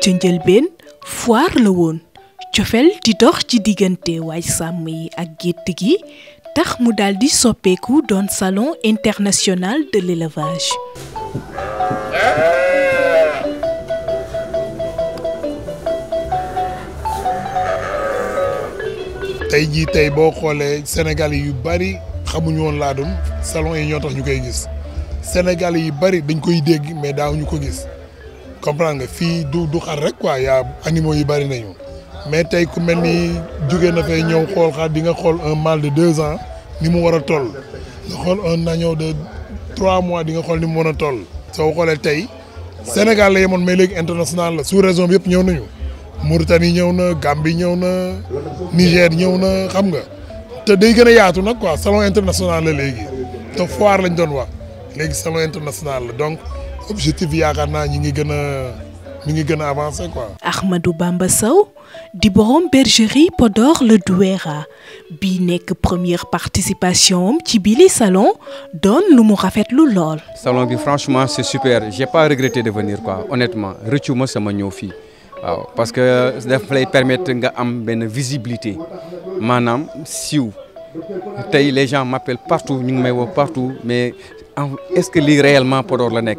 ca njëlbeen foire la woon cofel di dox ci diggante waay sàmm yi ak gétt gi tax mu daldi soppeeku doon salon international de l'élevage tey jii tey boo xoolee Sénégal yu bari xamuñu woon doon salon yi ñoo tax ñu gis Sénégal yu bari dañ koy dégg mais daaw ko gis comprendre fi du du xar rek quoi yaa animaux yi bari nañu mais tay ku melni ni na fay ñew xol xat di nga xol un mâle de 2 ans ni mu wara toll nga xol un agneau de 3 mois di nga xol ni mu war toll. soo xolé tay Sénégal la yemoon mais léegi international la sous raison bi yëpp ñëw nañu Mauritanie ñew na Gambie ñew na Niger ñew na xam nga te day gëna a yaatu nag quoi salon international la légui te foire lañ doon wax légui salon international la donc objectif avancé Ahmadou Bamba borom bergerie Podor le douera, bi première participation au ci salon donne lu mu salon franchement c'est super j'ai pas regretté de venir quoi honnêtement je ma sama parce que ça lay permettre nga am visibilité Manam, si les gens m'appellent partout partout mais est-ce que lii réellement Podor Le Nek?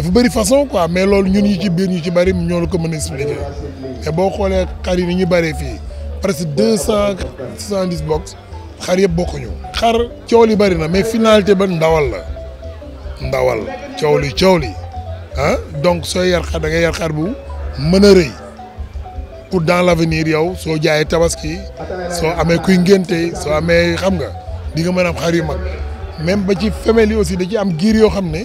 dafa bëri façon quoi mais loolu ñun ñu ci biir ñu ci bëri ñoo la ko mën a expliquer mais boo xoolee xar yi ni ñu bëree fii presque deux cent soixante-dix box xar yëpp bokkuñu. xar coow li bëri na mais finalité ba ndawal la ndawal coow li coow li ah donc sooy yar xar da ngay yar xar bu mën a rëy pour dans l'avenir yow soo jaayee tabaski soo amee kuy ngénte soo amee xam nga di nga mën a am xar yu mag même ba ci femelle yi aussi da ci am giir yoo xam ne.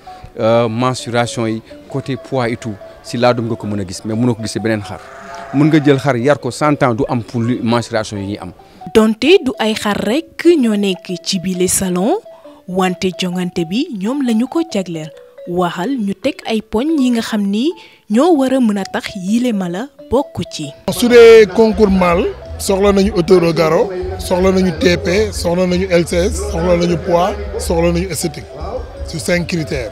Euh, mensuration yi côté poids et tout si laadum nga ko mën a gis mais mënoo ko gisee beneen xar mën nga jël xar yar ko cent ans du am pour mensuration yi ñuy am. donte du ay xar rekk ñoo nekk ci bile salon wante jongante bi ñoom lañu ko jagleel waxal ñu teg ay poñ yi nga xam ni ñoo war a mën a tax yile mala bokk ci. su dee concours mâle soxla nañu hauteur au soxla nañu TP soxla nañu LCS soxla nañu poids soxla nañu esthétique sur cinq critères.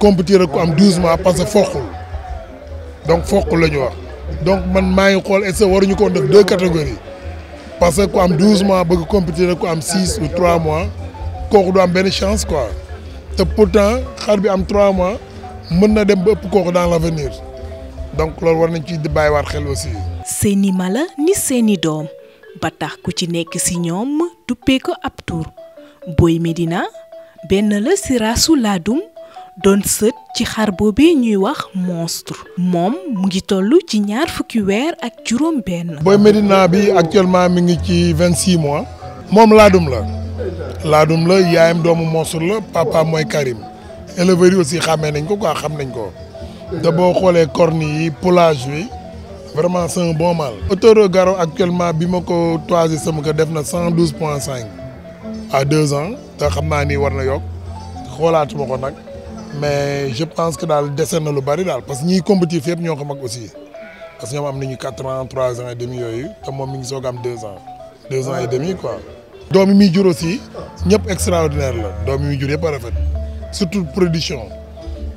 compétir ko am 12 mois parce que foqul donc foqul lañu wax donc man maa ngi xool est-ce waruñu ko def deux catégories parce que ko am 12 mois bëgg compétir ko am 6 ou 3 mois kooku do am ben chance quoi te pourtant xar bi am 3 mois mën na dem ba ëpp kooku dans l'avenir donc loolu war nañ ci war xel aussi. seeni mala ni seeni doom ba tax ku ci nekk si ñoom duppee ko ab tour Boy medina benn la si rasu laadum donc ci xar ñuy wax monstre mom mu ngi tollu ci ñaar fukki ak juroom ben boy medina bi actuellement mi ngi la la monstre la papa moy Karim éleveurs aussi xamé nañ ko quoi xam nañ ko da bo xolé corni vraiment c'est un bon mâle autoro garo actuellement bi toisé sama à deux ans war na mais je pense que dans le dessin de Lobari, parce qu'ils combattent les nous sommes aussi. Parce que nous avons 4 ans, 3 ans et demi, et moi, nous sommes 2 ans. 2 ans et demi, quoi. Dormi Midjour aussi, nous sommes extraordinaires. Dormi Midjour n'est pas refait. Surtout production.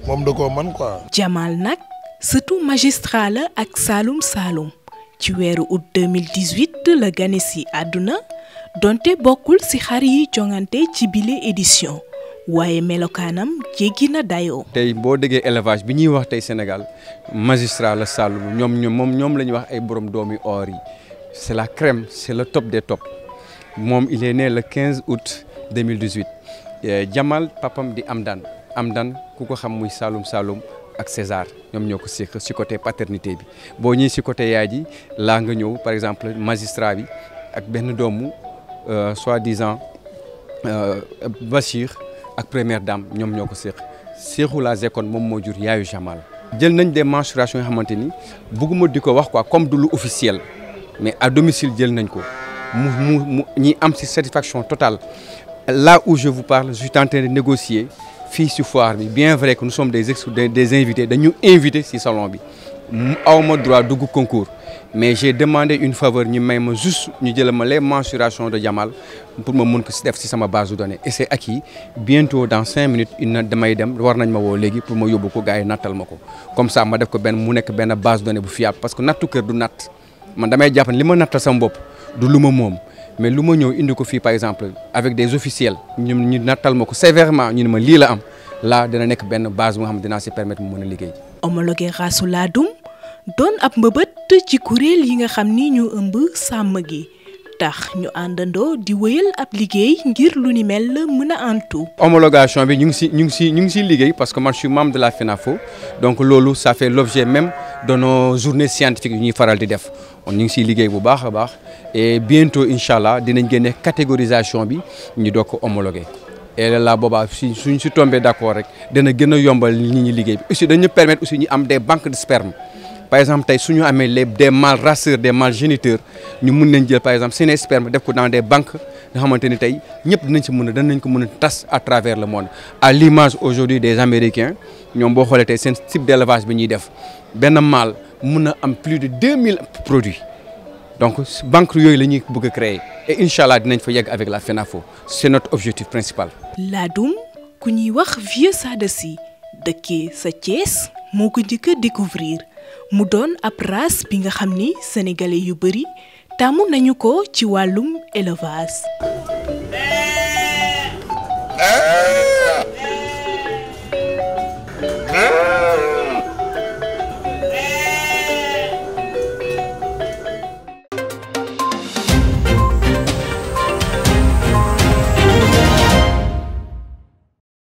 Je suis comme quoi. Djamal Nak, surtout magistral avec Saloum Saloum. Tu es août 2018, le Ganesi Aduna, dont tu es beaucoup si Harry Djongante Tibile Édition. édition. C'est melokaanam jéggi na le tey boo élevage bi ñuy wax tey Sénégal magistrat la Saloum ñoom ñoom moom ñoom la wax ay borom doomi or C'est la crème C'est le top des tops il est né le 15 août 2018 euh, Jamal papam di Amdan Amdan ku ko xam muy Saloum Saloum ak César ñoom si côté paternité bi côté par exemple magistrat bi ak benn doomu euh, soi-disant euh, Bachir ak première dame ñom ñoko que cheikhou la Zekone mom mo jur yaayu Jamal jël nañ des mensurations wax quoi comme du lu officiel mais à domicile jël nañ ko mu ñi satisfaction totale là où je vous parle je suis en train de négocier fils du foire bien vrai que nous sommes des des invités dañu invité ci salon bi mode droit dugg concours mais j'ai demandé une faveur ñu may ma juste ñu jël ma les mensurations de Jamal pour ma mun ko def si sama base de données et c'est acquis bientôt dans cinq minutes une damay dem war nañ ma wo légui pour ma yobou ko gars yi nattal ma comme ça ma def ko ben mu nek ben base de données bu fiable parce que natou kër du natt man damay jàpp lima li sama bop du luma mom mais luma ñeu indi ko par exemple avec des officiels ñu ñu nattal mako sévèrement ñu ne ma li la am là dina nek ben base bu xam dina si permettre mu mën a liggéey. homologué rasuladum laa ab mbëbët bokk ci kuréel yi nga xam ni ñu ëmb sàmm gi tax ñu àndandoo di wéyal ab liggéey ngir lu ni mel mën a antu. homologation bi ñu ngi si ñu ngi si ñu ngi siy liggéey parce que man je suis membre de la FENAFO donc loolu ça fait l'objet même de nos journées scientifiques yu ñuy faral di def ñu ngi siy liggéey bu baax a baax et bientôt incha allah dinañ génne catégorisation bi ñu doog ko homologué. et là boba suñ si tombé d'accord rek dana gën a yombal nit ñi liggéey bi aussi dañu permettre aussi ñu am des banques de sperme par exemple tey su ñu les des mâles raceurs des mâles géniteurs nous pouvons, nañ jël par exemple seen sperme def ko dans des banques nous xamante ni tey dinañ ci ko tas à travers le monde à l'image aujourd'hui des américains nous avons xoolee tey type d'élevage bi ñuy def benn mâle mun am plus de 2000 produits donc banque yooyu nous ñuy bëgg créer et inshallah, nous dinañ fa yegg avec la FENAFO c'est notre objectif principal. La Ladoum ku qu'on wax Vieux Sadassi dëkkee sa Thiès moo ko njëkk découvrir mu doon ab race bi nga xam ni sénégalais yu bari tàmm nañu ko ci wàllum élevage.